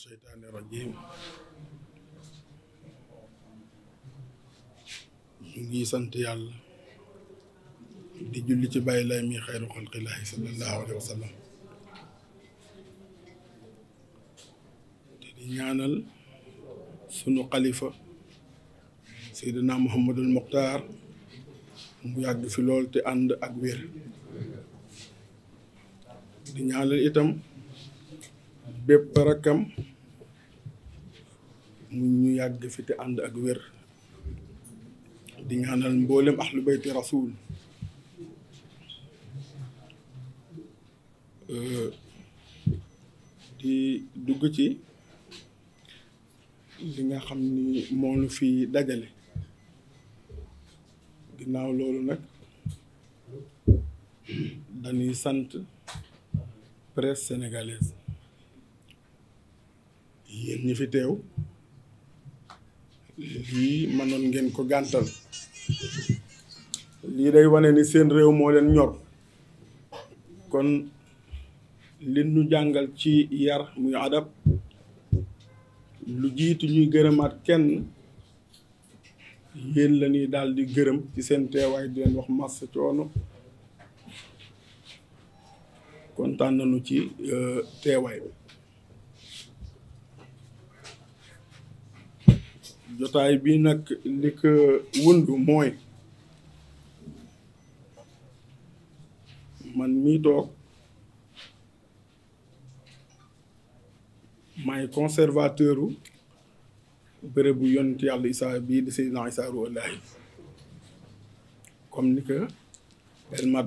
الشيطان الرجيم ñu ngi sant yàlla di julli ci bàyyi lay mi xayru xalqillaahi sallallahu te di ñaanal sunu xalifa seydina muhammadul muxtaar mu yàgg fi lool te ànd ak wér di ñaanal itam bépp rakkam mu ñu yàgg fi te ànd ak wér di ñaanal mboolem ahlu bayti rasul euh, di dugg ci li nga xam ni moo nu fi dajale ginnaaw loolu nag dañuy sant presse sénégalaise yéen ñi fi teew bii mënoon ngeen ko gàntal lii day wane ni seen réew moo leen ñor kon li ñu jàngal ci yar muy adab lu jiitu ñuy gërëmaat kenn yéen la ñuy daal di gërëm ci seen teewaay di leen wax mars coono kontaan nañu ci euh, teewaay jotaay bii nag li ko mooy man mii toog maay conservateur u bërëb bu yonent yàlla Isaa bii di Seydina Isaa Ruuhu Laahi comme ni ko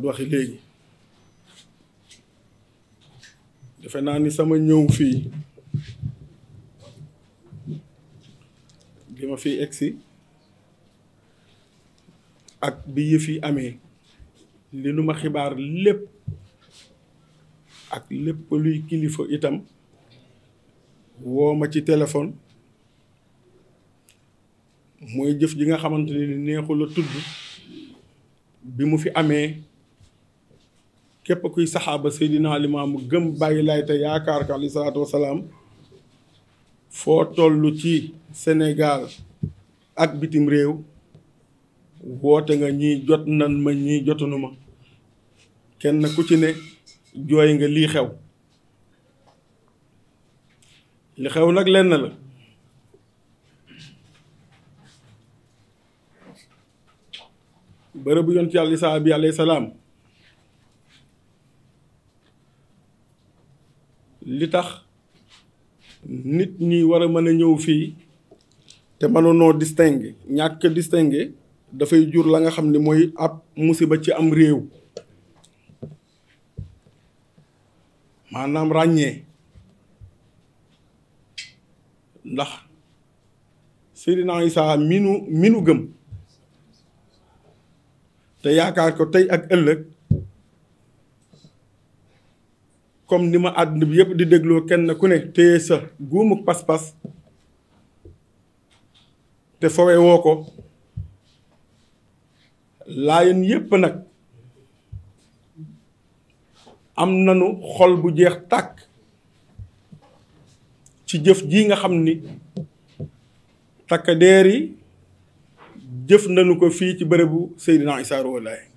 waxi léegi defe naa ni sama ñëw fii bi ma fiy egsi ak bi yëf yi amee li nu ma xibaar lépp ak lépp luy kilifa itam woo ma ci téléphone mooy jëf ji nga xamante ni neexul tudd bi mu fi amee képp kuy saxaaba Seydina Limaamu gëm bàyyi laay te yaakaar ko alayhi salaatu wasalaam foo toll ci Sénégal ak bitim réew woote nga ñi jot nan ma ñii jotunu ma kenn ku ci ne jooy nga lii xew li xew nag lenn la bërëbu yonent yàlla Isaa bi alayhi salaam li tax nit ñi war a mën a ñëw fii te mënoonoo distinguer ñàkk distinguer dafay jur la nga xam ni mooy ab musiba ci am réew maanaam ràññee ndax Seydina Isa minu minu gëm te yaakaar ko tey ak ëllëg comme ni ma àdduna bi yëpp di dégloo kenn ku ne téye sa guumu pas-pas te fowe woo ko laayen yépp nag am nanu xol bu jeex tàkk ci jëf ji nga xam ni takkadeer yi jëf nanu ko fii ci bërëbu Seydina Issa Rouhou Laye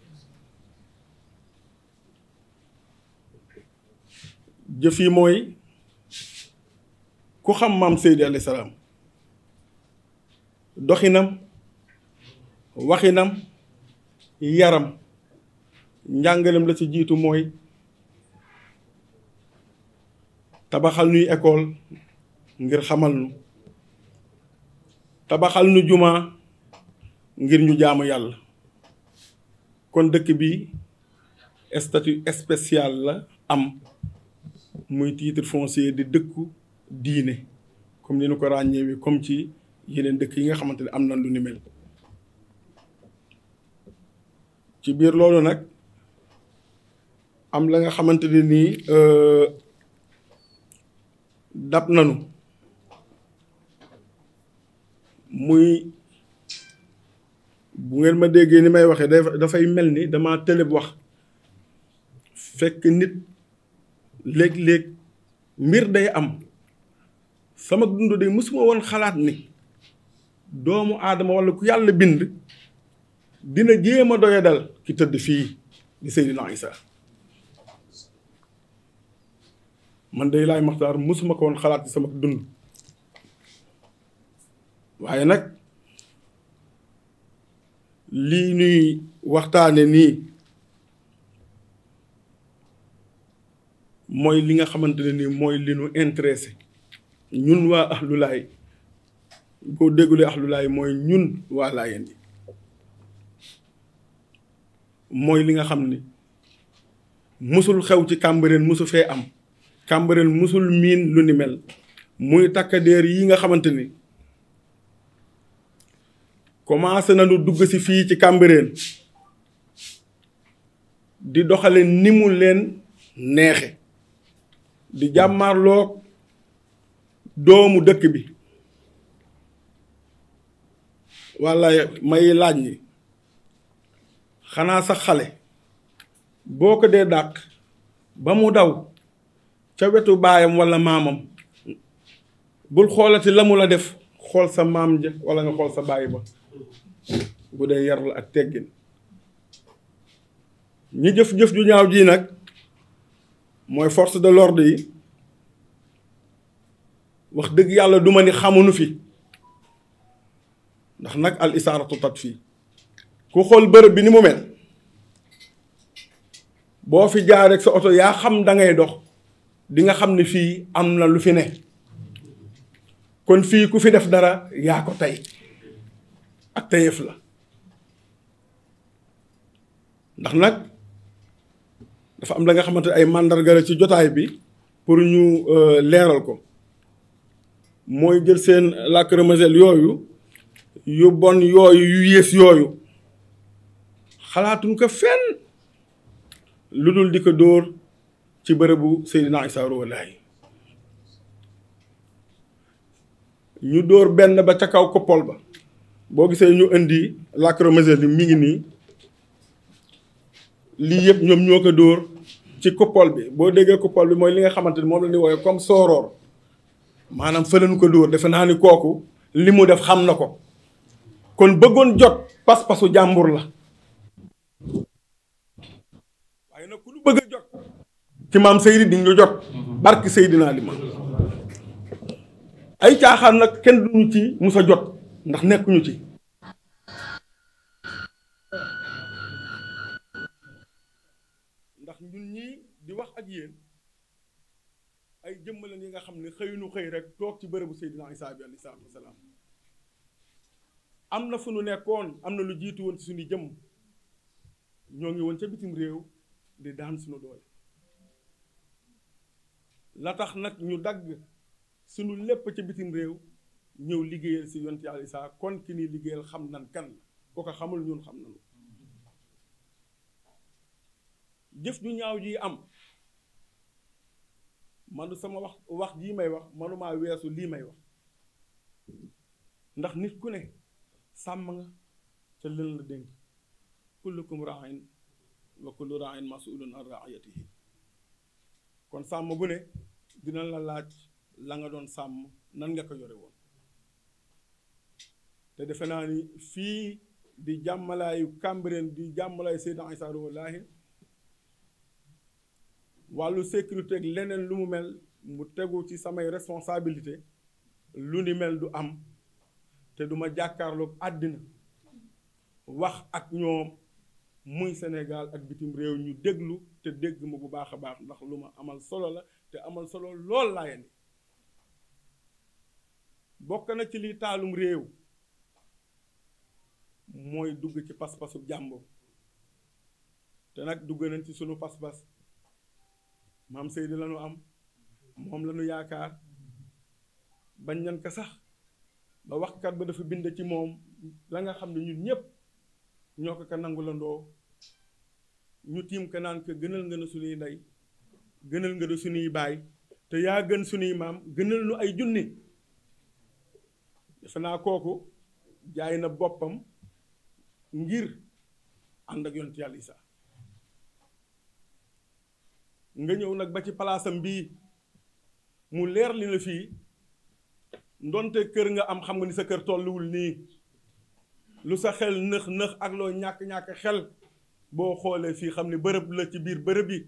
jëf yi mooy ku xam maam Seydi alayhi salaam doxinam waxinam yaram njàngalem la ci jiitu mooy tabaxal nuy école ngir xamal nu tabaxal nu jumaa ngir ñu jaamu yàlla kon dëkk bi statut spécial la am muy titre foncier di dëkku diine comme ni ñu ko ràññeewee comme ci yeneen dëkk yi nga xamante ne am na lu ni mel. ci biir loolu nag am la nga xamante ne nii euh, dab nanu muy bu ngeen ma déggee ni may waxee dafay mel ni dama tëlëb wax fekk nit. léeg-léeg mbir day am sama dund day mësuma woon xalaat ni doomu aadama walla ku yàlla bind dina jéem a doyadal ki tëdd fii di Seydina Isa man day laay maxtaar mësuma ko woon xalaat ci sama dund waaye nag lii nuy waxtaane nii mooy li nga xamante ne nii mooy li nu intéressé ñun waa ahlu laay boo déggulee ahlu laay mooy ñun waa laayeen yi mooy li nga xam ni musul xew ci Cambérène musu fee am Cambérène musul miin lu ni mel muy takkadeer yi nga xamante ni na lu dugg si fii ci Cambérène di doxale ni mu leen neexe di jàmmarloo doomu dëkk bi walla may laaj ni xanaa sax xale boo ko dee dàq ba mu daw ca wetu baayam walla maamam bul xoolati la mu la def xool sa maam ja walla nga xool sa baay ba bu dee yar la ak teggin ñi jëf-jëf ju ñaaw ji nag mooy force de l'ordre yi wax dëgg yàlla duma ni xamuñu fi ndax nag al isaaratu tat fii ku xool bërëb bi ni mu mel boo fi jaaree rek sa oto yaa xam dangay dox di xam ne fii am na lu fi ne kon fii ku fi def dara yaa ko tey ak teyef la ndax nag dafa am la nga xamante ay mandarga la ci jotaay bi pour ñu euh, leeral ko mooy jël seen lacrymogène yooyu yu bon yooyu yu yées yooyu xalaatuñ ko fenn lu dul di ko dóor ci bërëbu Seydina Issa Rouhou Laye ñu dóor benn ba ca kaw koppol ba boo gisee ñu indi lacrymogène bi mi ngi nii lii yëpp ñoom ñoo ko dóor ci coupole bi boo déggee coupole bi mooy li nga xamante ni moom la ñuy woowee comme sooroor maanaam fëleenu ko dóor defe naa ni kooku li mu def xam na ko kon bëggoon jot pas-pasu jàmbur la waaye nag ku ñu bëgg jot ci maam Seydi di jot barki Seydina li ma ay caaxaan nag kenn duñu ci musa jot ndax nekkuñu ci wax ak yéen ay jëmmaleen yi nga xam ne xëyunu xëy rek toog ci bërëbu Seydina Isaa bi alayhi salaatu wasalaam am na fu nu nekkoon am na lu jiitu woon ci suñu ñoo ngi woon ca bitim réew di daan suñu doole la tax nag ñu dagg suñu lépp ca bitim réew ñëw liggéeyal si yonent Yàlla Isaa kon ki ni liggéeyal xam nan kan ko ko xamul ñun xam nanu jëf ju ñaaw ji am man sama wax wax jii may wax manumaa weesu lii may wax ndax nit ku ne sàmm nga ca lën la dénk kullukum raain wa kullu raain masulun an raayatihi kon sàmm bu ne dina la laaj la nga doon sàmm nan nga ko yore woon te defe naa ni fii di jàmmalaayu Cambérène di jàmmalaayu Seydina Issa Rouhou wàllu sécurité ak leneen lu mu mel mu tegu ci samay responsabilité lu ni mel du am te duma jàkkaarloog àddina wax ak ñoom muy Sénégal ak bitim réew ñu déglu te dégg ma bu baax a baax ndax lu ma amal solo la te amal solo lool laa ni bokk na ci li taalum réew mooy dugg ci pas-pasu jàmbur te nag dugg nañ ci sunu pas-pas maam Seydou la ñu am moom la yaakaar bañ nañ ko sax ba waxkat ba dafa bind ci moom la nga xam ne ñun ñëpp ñoo ka ko nangulandoo ñu tiim ko naan ko gënal nga ne suñuy ndey gënal nga ne suñuy baay te yaa gën suñuy maam gënal nu ay junni defe naa kooku jaay na boppam ngir ànd ak yonent yàlla Isaa nga ñëw nag ba ci palaasam bii mu leer li la fii ndonte kër nga am xam nga ni sa kër tolluwul nii lu sa xel nëx nëx ak loo ñàkk-ñàkk xel boo xoolee fii xam ne bërëb la ci biir bërëb yi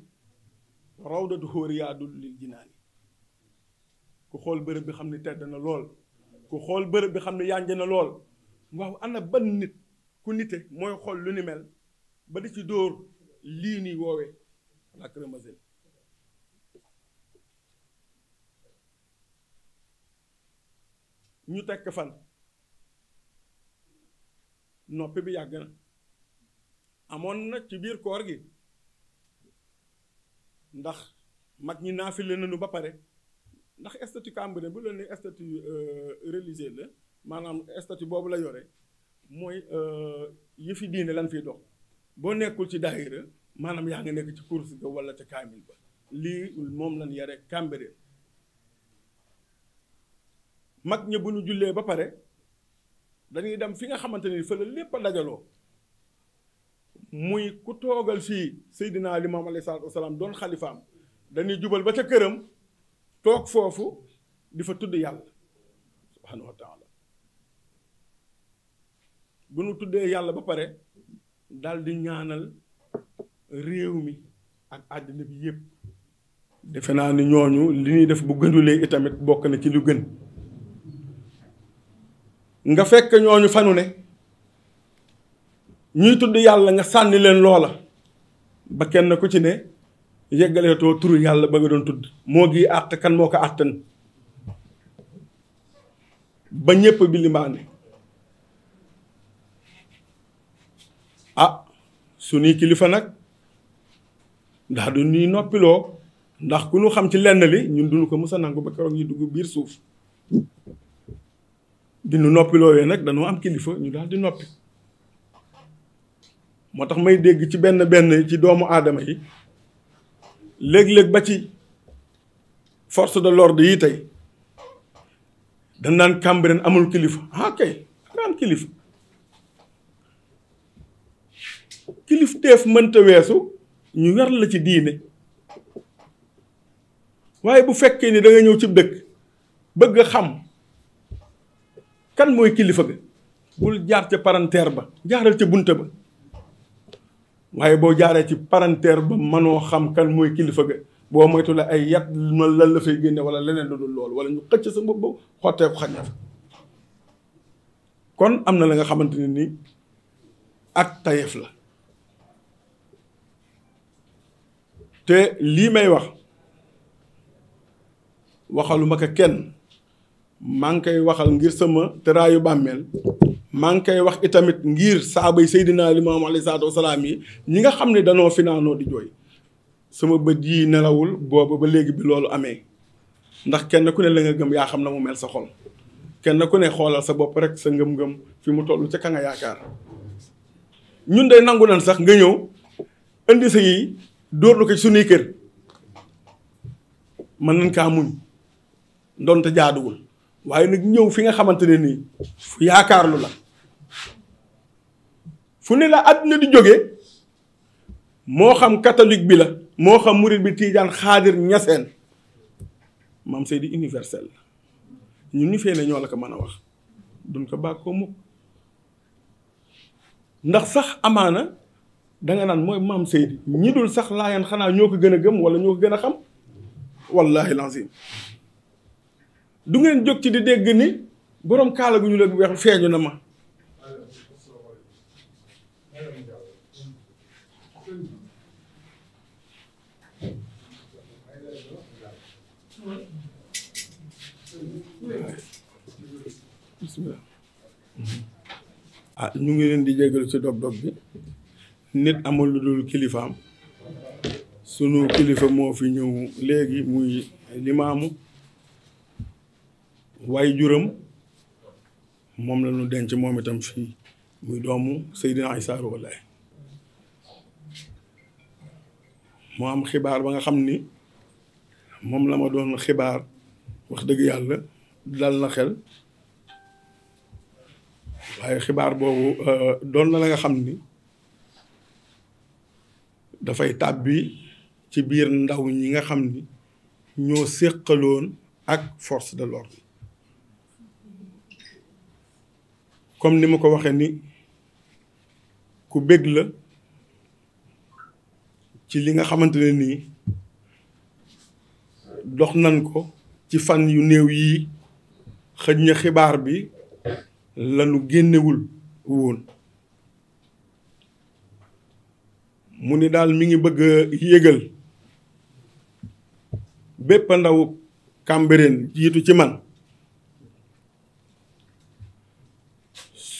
rawdatu riyaadul lil jinaani ku xool bërëb bi xam ni tedd na lool ku xool bërëb bi xam ne yànj na lool waaw ana ban nit ku nite mooy xool lu ni mel ba di ci dóor lii nii woowee lacrymogène ñu tekk fan noppi bi yàgg na amoon na ci biir koor gi ndax mag ñi naa fi naafile nañu ba pare ndax statut Cambérène bu leen ne statut euh, religieux la maanaam statut boobu la yore mooy euh, yëfi diine lan fiy dox boo nekkul ci daayira maanaam yaa ngi nekk ci course ga wala ca kaamil ba lii moom lan yare Cambérène mag ñi bu ñu jullee ba pare dañuy dem fi nga xamante ni lépp a dajaloo muy ku toogal fii Seydina Limaam alayhi salaatu wasalaam doon xalifaam dañuy jubal ba ca këram toog foofu di fa tudd yàlla subhaanahu wa taala bu nu tuddee yàlla ba pare dal di ñaanal réew mi ak àddina bi yépp defe naa ni ñooñu li ñuy def bu gënulee itamit bokk na ci lu gën nga fekk ñooñu fanu ne ñuy tudd yàlla nga sànni leen loola ba kenn ku ci ne yeggaleetoo turu yàlla ba nga doon tudd moo gi àtt kan moo ko àttan ba ñépp bi limaane su ah, suñuy kilifa nag ndax du ñuy noppiloo ndax ku ñu xam ci lenn li ñun duñu ko mës a nangu ba keroog yi dugg biir suuf di noppiloo noppi loowee nag dañoo am kilifa ñu daal di noppi moo tax may dégg ci benn benn ci doomu aadama yi léeg-léeg ba ci force de l'ordre yi tey dañ naan Cambérène amul kilifa ah kay nga am kilifa kilif teef mënta weesu ñu yar la ci diine waaye bu fekkee ni da ñëw ci dëkk bëgg xam kan mooy kilifa ga bul jaar ca paranteer ba jaaral ca bunta ba waaye boo jaaree ci paranteer ba mënoo xam kan mooy kilifa ga boo moytu la ay yat lan la fay génne wala leneen lu dul loolu wala ñu xëcc sa bopp boobu xottee ko xañña fa kon am na la nga xamante ne ni ak tayef la te lii may wax waxaluma ko kenn maa ngi koy waxal ngir sama tëraayu bàmmeel maa ngi koy wax itamit ngir saabay Seydina Limaamu alayhi salaatu wasalaam yi ñi nga xam ni danoo fi di jooy sama bët yii nelawul booba ba léegi bi loolu amee ndax kenn ku ne la nga gëm yaa xam na mu mel sa xol kenn ku ne xoolal sa bopp rek sa ngëm-ngëm fi mu toll ca ka yaakaar ñun day nangu nan sax nga ñëw indi sa yi dóor lu ko suñuy kër mën nañ kaa muñ ndonte jaaduwul waaye nag ñëw fi nga xamante ne nii fu yaakaarlu la fu ne la àdduna di jóge moo xam katolik bi la moo xam murit bi tiijaan xaadir ñaseen maam Seydi universel la ñun ñu fee ne ñoo la ko mën a wax duñ ko bàkk ko mukk ndax sax amaana danga naan mooy maam Seydi ñi dul sax laayaan xanaa ñoo ko gën a gëm wala ñoo ko gën a xam wallaahi lazim du ngeen jóg ci di dégg ni boroom kaalaguñu gu ñu la weex feeñu na ma bismillah ah ñu ngi leen di jégalu ci dog dog bi nit amul lu dul kilifaam sunu kilifa moo fi ñëw léegi muy limaamu waaye juram moom la ñu denc moom itam fii muy doomu Seydina Issa Rouhou Laye moo am xibaar ba nga xam ni moom la ma doon xibaar wax dëgg yàlla dal na xel waaye xibaar boobu euh, doon na la nga xam ni dafay tàbbi ci biir ndaw ñi nga xam ni ñoo séqaloon ak force de l'ordre comme ni ma ko waxee ni ku bëgg la ci li nga xamante ne nii dox nan ko ci fan yu néew yii xëj na xibaar bi lanu génnewul woon mu ni daal mi ngi bëgg yëgal bépp ndaw Cambérène jiitu ci man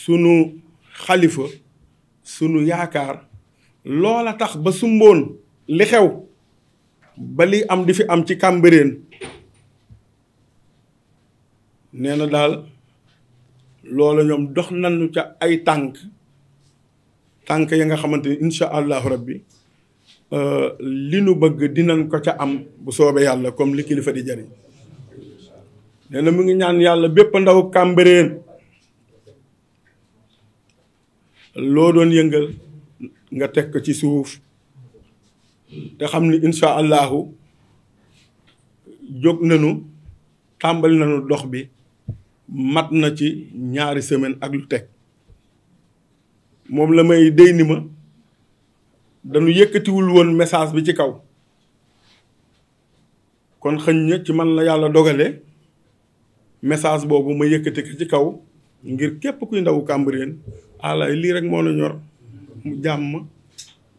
sunu xalifa sunu yaakaar lool a tax ba sumboon li xew bali am di fi am ci Cambérène nee na daal loola ñoom dox nañu ca ay tànk tànk ya nga xamante ni incha allahu rabbi euh, li nu bëgg dinañ ko ca am bu soobee yàlla comme li kilifa di jariñ nee na mu ngi ñaan yàlla bépp ndaw Cambérène loo doon yëngal nga teg ko ci suuf te xam ni incha allahu jóg na nañu tàmbali nañu dox bi mat na ci ñaari semaine ak lu teg moom la may dey ni ma dañu yëkkatiwul woon message bi ci kaw kon xëñ na ci man la yàlla dogale message boobu ma yëkkati ko ci kaw ngir képp kuy ndaw Cambérène alaay lii rek moo la ñor mu jàmm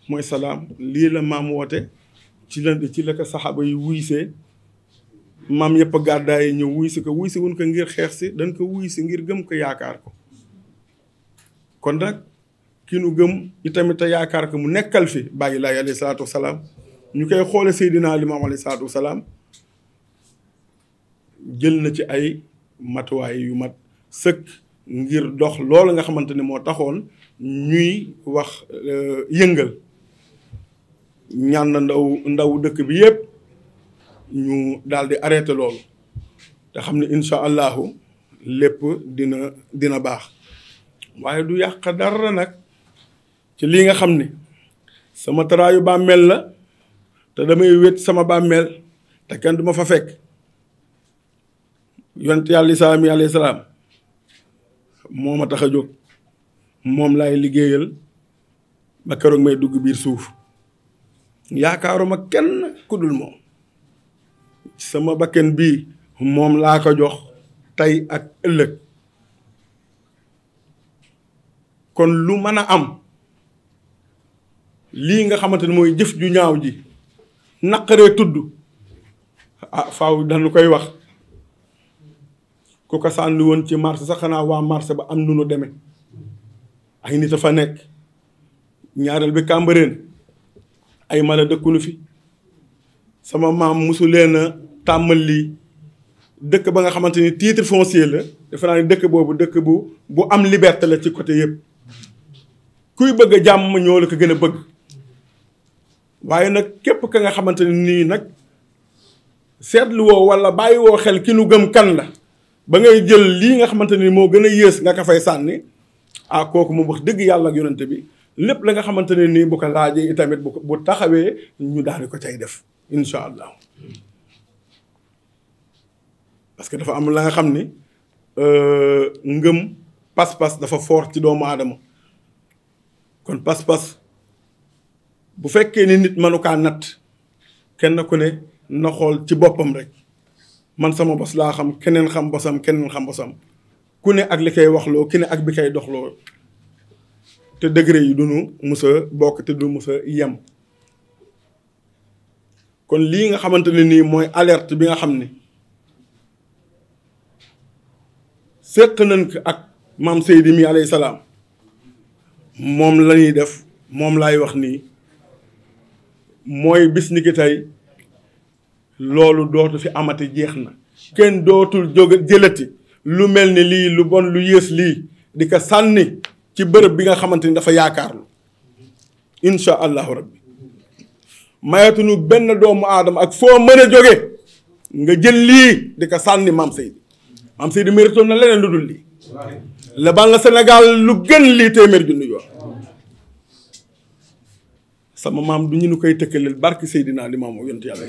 mooy salaam lii la maam woote ci la ci la ko saxaaba yi wuysee maam yëpp gàddaay ñëw wuy si ko wuy si wun ko ngir xeex si dañ ko wuy si ngir gëm ko yaakaar ko kon nag ki nu gëm itamit te yaakaar ko mu nekkal fi bàyyi laay alayhi salaatu wasalaam ñu koy xoole Seydina Limaam alayhi salaatu wasalaam jël na ci ay matuwaay yu mat sëkk ngir dox loolu nga xamante ne moo taxoon ñuy wax euh, yëngal ñaan ndaw ndaw dëkk bi yépp ñu daldi di arrêté loolu te xam ne incha allahu lépp dina dina baax waaye du yàq dara nag ci lii nga xam ni sama taraayu bàmmeel la te damay wét sama bàmmeel te kenn du ma fa fekk yonent yàlla Isaa mi alayhi salaam moo ma tax a jóg moom lay liggéeyal ba keroog may dugg biir suuf yaakaaruma kenn ku moom sama bakken bii moom laa ko jox tey ak ëllëg kon lu mën a am lii nga xamante ne mooy jëf ju ñaaw ji naqaree tudd ah faaw dañu koy wax ku ko sànni woon ci marché sax xanaa waa marché ba am nu nu demee ay nit a fa nekk ñaareel bi Cambérène ay mala dëkkunu fi sama maam mosu leen a tàmmal lii dëkk ba nga xamante ni titre foncier la defe dëkk boobu dëkk bu bu am liberté la ci côté yëpp kuy bëgg a jàmm ñoo la ko gën a bëgg waaye nag képp ka nga xamante ni nii nag seetlu woo wala bàyyi woo xel ki nu gëm kan la ba ngay jël lii nga xamante ni moo gën a yées nga ko sànni ah kooku mu wax dëgg yàlla ak yonante bi lépp la nga xamante ne nii bu ko laajee itamit bu bu taxawee ñu daal di ko ay def incha allah parce que dafa am la nga xam ni euh, ngëm pas-pas dafa foor ci doomu aadama kon pas-pas bu fekkee ni nit mënu kaa natt kenn ku ne na xool ci boppam rek. man sama bos laa xam keneen xam bosam keneen xam bosam ku ne ak li koy waxloo ku ne ak bi kay doxloo te degré yi duñu mus a bokk te du mus yem kon lii nga xamante ne nii mooy alerte bi nga xam ni séq nañ ko ak maam Seydi mi alayhi salaam moom la def moom laay wax nii mooy bis ni ki tey loolu dootu fi amati jeex na kenn dootul jóg jëlati lu mel ni lii lu bon lu yées lii di ko sànni ci bërëb bi nga xamante ni dafa yaakaarlu incha allahu rabbi mayatuñu benn doomu aadama ak foo mën a jóge nga jël lii di ko sànni maam Seydi maam Seydi méritoon na leneen lu dul lii la lu gën lii téeméer junni yoon sama maam du ñu nu koy tëkkaleel barki Seydina Limaamu yontu yàlla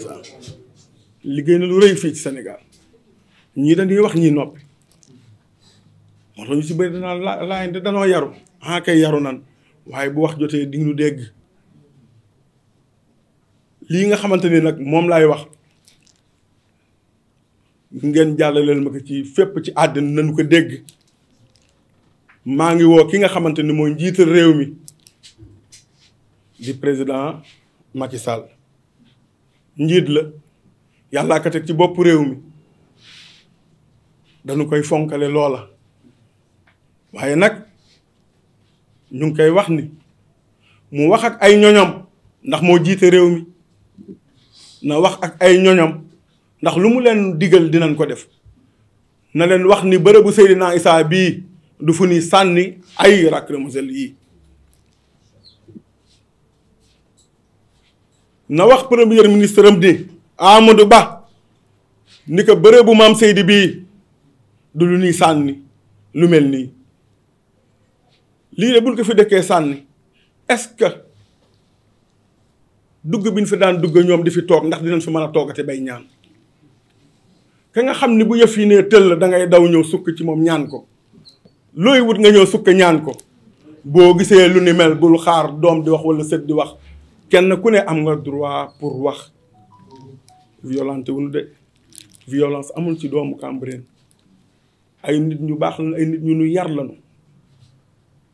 liggéey na lu rëy fii ci senegal ñii dañuy wax ñii noppi moo tax ñu si bëri danaa la laayante danoo yaru ah kay yaru nan waaye bu wax jotee di ñu dégg lii nga xamante ni nag moom laay wax ngeen jàllaleel ma ko ci fépp ci àddina nañu ko dégg maa ngi woo ki nga xamante ni mooy njiital réew mi di président Macky njiit la yàllaa ko teg ci bopp réew mi dañu koy fonkale loola waaye nag ñu ngi koy wax ni mu wax ak ay ñoñom ndax moo jiite réew mi na wax ak ay ñoñom ndax lu mu leen digal dinañ ko def na leen wax ni bërëbu Seydina Isaa bii du fu ni sànni ay lacrymogène yii na wax premier ministre am ni Amadou Ba ni ko bërëbu maam Seydi bii du lu ni sànni lu mel nii lii de buñ ko fi dëkkee sànni est-ce dugg bi ñu fi daan dugg ñoom di fi toog ndax dinañ fi mën a toogate bay ñaan ka nga xam ni bu yëf yi ne tëll da ngay daw ñëw sukk ci moom ñaan ko looy wut nga ñëw sukk ñaan ko boo gisee lu ni mel bul xaar doom di wax walla sët di wax kenn ku ne am nga droit pour wax violenté wuñu de violence amul ci doomu Cambérène ay nit ñu baax ay nit ñu ñu yar lañu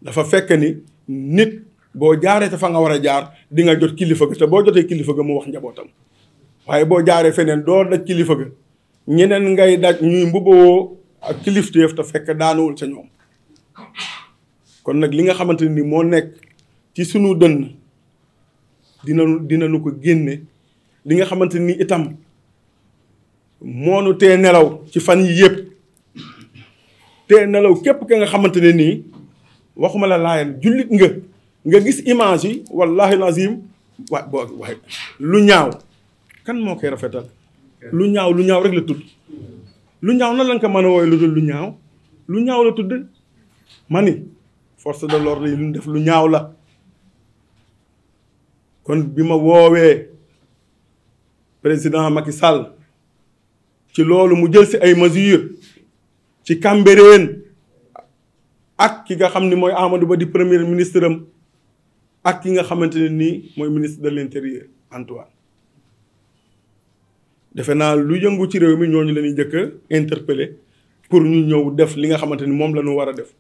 dafa fekk ni nit boo jaaree te fa nga war a jaar di nga jot kilifa ga te boo jotee kilifa ga mu wax njabootam waaye boo jaaree feneen doo daj kilifa ga ñeneen ngay daj ñuy mbubboo ak kilifteef te fekk daanuwul sa ñoom kon nag li nga xamante ni moo nekk ci suñu dënn dina dina nu ko génne li nga xamante nii itam moonu tee nelaw ci fan yi yëpp tee nelaw képp ka nga xamante ne nii waxuma la laayal jullit nga nga gis image yi wallahi lazim waay boo waay lu ñaaw kan moo koy rafetal lu ñaaw lu ñaaw rek la tudd lu ñaaw nan lañ ko mën a wooye lu dul lu ñaaw lu ñaaw la tudd mani force de l'ordre yi lu ñu def lu ñaaw la kon bi ma woowee président Macky Sall ci loolu mu jël si ay mesures ci Cambérène ak ki nga xam ni mooy Amadou Ba di premier ministre am ak ki nga xamante ne nii mooy ministre de l'intérieur Antoine defe naa lu yëngu ci réew mi ñooñu la ñuy njëkk a pour ñu ñëw def li nga xamante ni moom la ñu war a def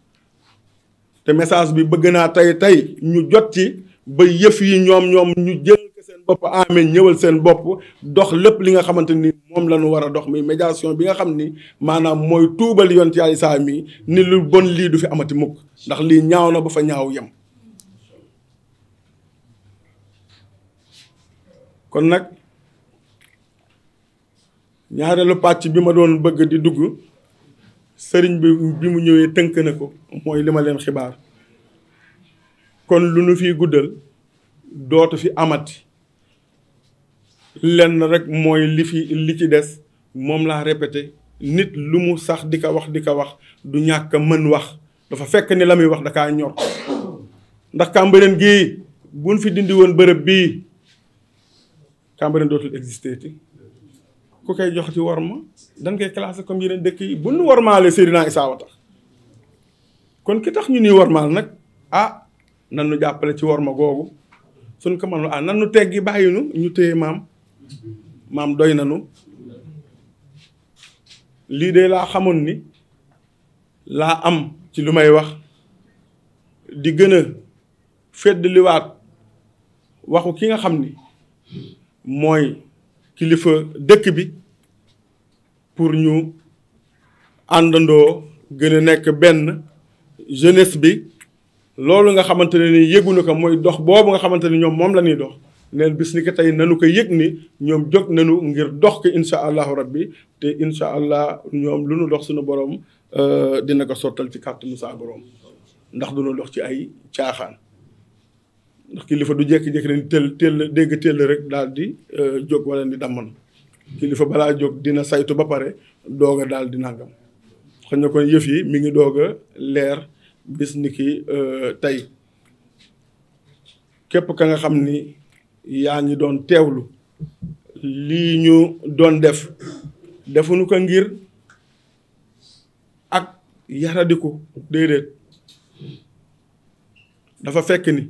te message bi bëgg naa tey tey ñu jot ci ba yëf yi ñoom ñoom ñu jël. seen bopp amee ñëwal seen bopp dox lépp li nga xamante ni moom la war a dox muy médiation bi nga xam ni maanaam mooy tuubal yoon ci Yàlla saa mi ni lu bon lii du fi amati mukk ndax lii ñaaw na ba fa ñaaw yem. kon nag ñaareelu pàcc bi ma doon bëgg di dugg sëriñ bi bi mu ñëwee tënk na ko mooy li ma leen xibaar kon lu nu fiy guddal dootu fi amati lenn rek mooy li fi li ci des moom laa répété nit lu mu sax di ko wax di ko wax du ñàkk mën wax dafa fekk ni la muy wax da kaa ñor ndax Cambérène gii fi dindi woon bërëb bii Cambérène dootul existé ti ku koy jox ci war ma dañ koy classé comme yeneen dëkk yi bu nu warmaalee Seydina Issa wa tax kon ki tax ñu nii warmaal nag ah nan nu jàppale ci warma ma googu suñ ko mënul ah nan nu teggi bàyyi nu ñu téye maam maam doy nanu lii de laa xamoon ni laa am ci lu may wax di gën a feddliwaat waxu ki nga xam ni mooy kilifa dëkk bi pour ñu àndandoo gën a nekk benn jeunesse bi loolu nga xamante ne ni yëgu na ko mooy dox boobu nga xamante ne ñoom moom la ñuy dox neen bis ni ko tey nanu ko yëg ni ñoom jóg nanu ngir dox ki incha allahu rabbi te incha allah ñoom lu nu dox suñu borom euh, dina ko sottal ci kàttanu saa borom ndax du dox ci ay caaxaan. ndax kilifa du jékki na leen teel teel dégg teel rek daal di euh, jóg wala di damman kilifa balaa jóg dina saytu ba pare dooga a daal di nangam xam nga kon yëf yi mi ngi doog leer bis ni ki euh, tey képp ka nga xam ni. yaa ngi doon teewlu lii ñu doon def defuñu ko ngir ak yaradiku déedéet dafa fekk ni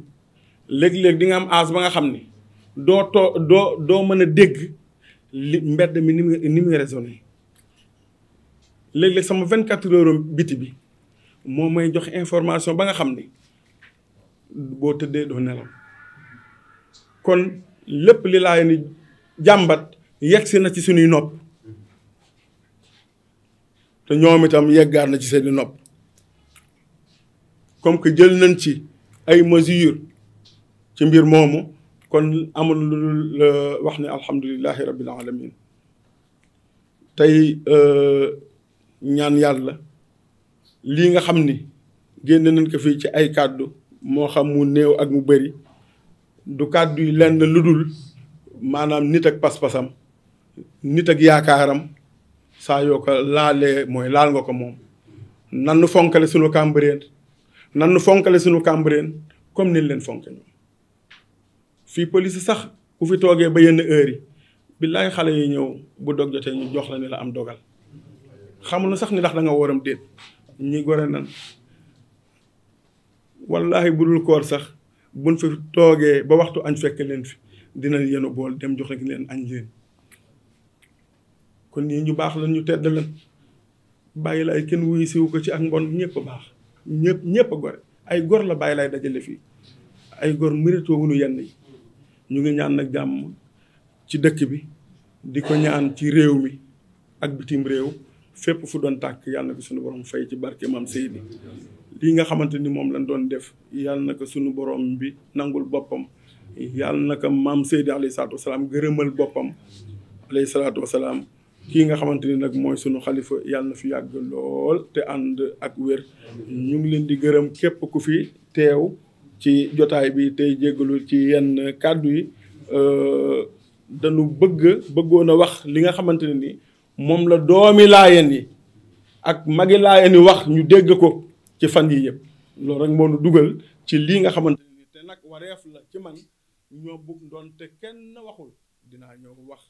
léeg-léeg di nga am aas ba nga xam ni doo too doo doo mën a dégg li mbedd mi ni muy ni muy raisonné léeg sama vingt quatre heures biti bi moo may jox information ba nga xam ni boo tëddee doo nelaw kon lépp li laay ni jàmbat yegsi na ci suñuy nopp te ñoom itam yeggaat na ci seeni nopp comme que jël nañ ci ay mesures ci mbir moomu kon amul lu dul euh, wax ne alhamdulilahi rabbil alamin tey euh, ñaan yàlla lii nga xam ni génn nañ ko fii ci ay kàddu moo xam mu néew ak mu bari du kàdduy yi lenn lu dul maanaam nit ak pas-pasam nit ak yaakaaram saa yoo ko laalee mooy laal nga ko moom nan nu fonkale sunu Cambérène nan nu fonkale sunu Cambérène comme ni leen fonke fii police sax ku fi toogee ba yenn heure yi billaay xale yi ñëw bu dog jotee ñu jox la ne la am dogal xamul na sax ni ndax da nga waram déet ñi gore nan wallaahi budul koor sax buñ fi toogee ba waxtu añ fekk leen fi dinañ yenu bool dem jox rek leen añ leen kon ñi ñu baax lan ñu tedd leen bàyyi la ay kenn wuyu siwu ko ci ak mbon ñëpp baax ñëpp ñëpp gore ay gor la bàyyi lay dajale fii ay gor méritoo wuñu yenn yi ñu ngi ñaan nag jàmm ci dëkk bi di ko ñaan ci réew mi ak bitim réew fépp fu doon tàkk yàlla na suñu borom fay ci barke maam Seydi li nga xamante ni moom lañ doon def yàlla na ko sunu boroom bi nangul boppam yàlla na ko maam Seydi alayhi salaam gërëmal boppam alayhi salaatu wasalaam kii nga xamante ni nag mooy sunu xalifa yàlla na fi yàgg lool te ànd ak wér ñu ngi leen di gërëm képp ku fi teew ci jotaay bi tey jéggalu ci yenn kàddu yi euh, dañu bëgg bëggoon a wax li nga xamante ni moom la doomi laayeen yi ak magi laayeen yi wax ñu dégg ko ci fan yi yëpp loolu rek moo nu dugal ci lii nga xamante ni te nag wareef la ci man ñoo bugg ndoon te kenn waxul dinaa ñëw wax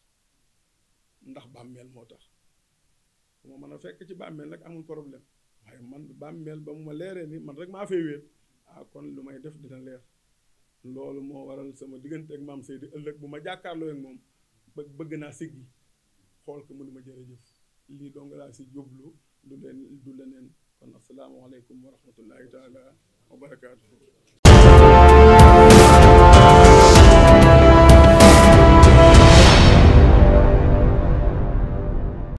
ndax bàmmeel moo tax moo mën a fekk ci bàmmeel nag amul problème waaye man bàmmeel ba mu ma leeree ni man rek maa fee a ah kon lu may def dina leer loolu moo waral sama diggante ak maam di ëllëg bu ma jàkkaarloo moom bëgg naa siggi xool ko mënuma jërëjëf lii dong laa si jublu du du leneen kon asalaamaaleykum wa rahmatullahi taala wa barakaatu.